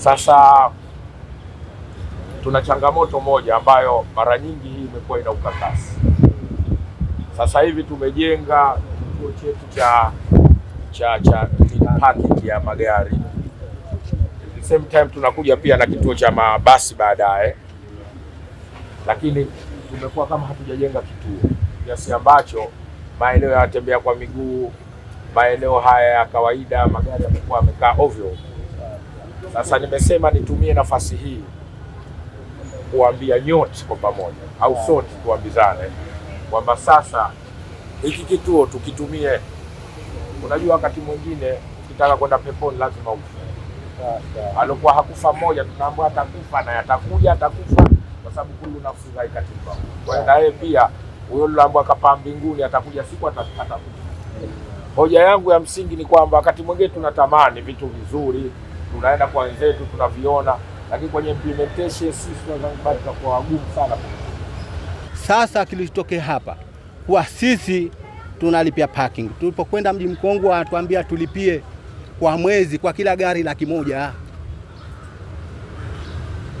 Sasa tuna changamoto moja ambayo mara nyingi hii imekuwa ina ukakasi. Sasa hivi tumejenga kituo chetu cha cha cha parking ya magari, at the same time tunakuja pia na kituo cha mabasi baadaye, lakini tumekuwa kama hatujajenga kituo kiasi ambacho maeneo ya watembea kwa miguu, maeneo haya ya kawaida, magari yamekuwa yamekaa ovyo. Sasa nimesema nitumie nafasi hii kuambia nyote kwa pamoja au sote tuambizane kwamba sasa hiki kituo tukitumie. Unajua, wakati mwingine ukitaka kwenda peponi lazima ufe. Alikuwa hakufa mmoja, tunaambiwa atakufa na atakuja atakufa, kwa sababu kullu nafsin dhaikatul maut. Kwa hiyo na yeye pia huyo lambwa akapaa mbinguni, atakuja siku atakufa. Hoja yangu ya msingi ni kwamba wakati mwingine tunatamani vitu vizuri tunaenda kwa wenzetu tunaviona, lakini kwenye implementation sisi Zanzibar tutakuwa wagumu sana. Sasa kilichotokea hapa kwa sisi tunalipia parking. Tulipokwenda mji Mkongwe atuambia tulipie kwa mwezi kwa kila gari laki moja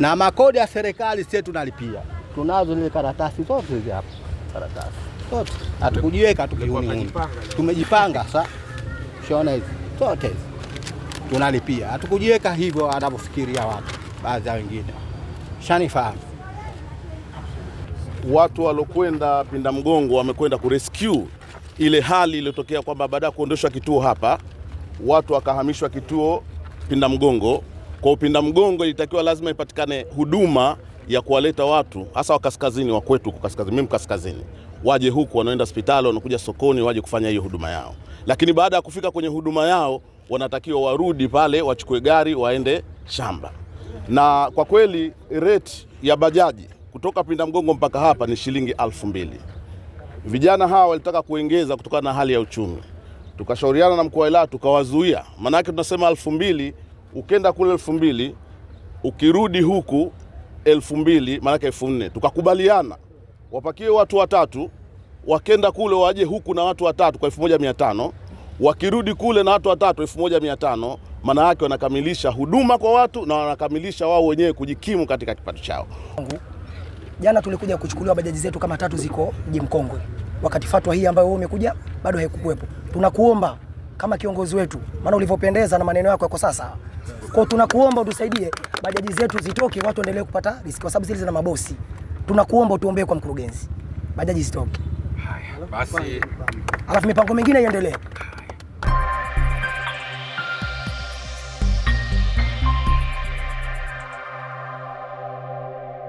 na makodi ya serikali sie tunalipia. Tunazo zile karatasi zote hizi hapa, karatasi zote hatukujiweka tukiuni, tumejipanga. Sasa shona hizi zote hizi tunalipia. Hatukujiweka hivyo anavyofikiria watu baadhi ya wengine, shanifahamu watu walokwenda Pinda Mgongo wamekwenda kurescue ile hali iliyotokea kwamba baada ya kuondoshwa kituo hapa watu wakahamishwa kituo Pinda Mgongo. Kwa Pinda Mgongo ilitakiwa lazima ipatikane huduma ya kuwaleta watu hasa wa kaskazini wa kwetu huko kaskazini, mimi kaskazini, waje huku, wanaenda hospitali, wanakuja sokoni, waje kufanya hiyo huduma yao, lakini baada ya kufika kwenye huduma yao wanatakiwa warudi pale wachukue gari waende shamba. Na kwa kweli rate ya bajaji kutoka Pinda Mgongo mpaka hapa ni shilingi alfu mbili. Vijana hawa walitaka kuongeza kutokana na hali ya uchumi, tukashauriana na mkuu wa wilaya tukawazuia, maanake tunasema alfu mbili ukenda kule elfu mbili ukirudi huku elfu mbili maanake elfu nne Tukakubaliana wapakie watu watatu wakenda kule waje huku na watu watatu kwa elfu moja mia tano wakirudi kule na watu watatu elfu moja mia tano maana yake wanakamilisha huduma kwa watu na wanakamilisha wao wenyewe kujikimu katika kipato chao. Jana tulikuja kuchukuliwa bajaji zetu kama tatu ziko Mji Mkongwe, wakati fatwa hii ambayo wewe umekuja bado haikukuwepo. Tunakuomba kama kiongozi wetu, maana ulivyopendeza na maneno yako yako sasa kwao, tunakuomba utusaidie bajaji zetu zitoke, watu endelee kupata riziki, kwa sababu zile zina mabosi. Tunakuomba utuombee kwa mkurugenzi, bajaji zitoke, Haya basi, alafu mipango mingine iendelee.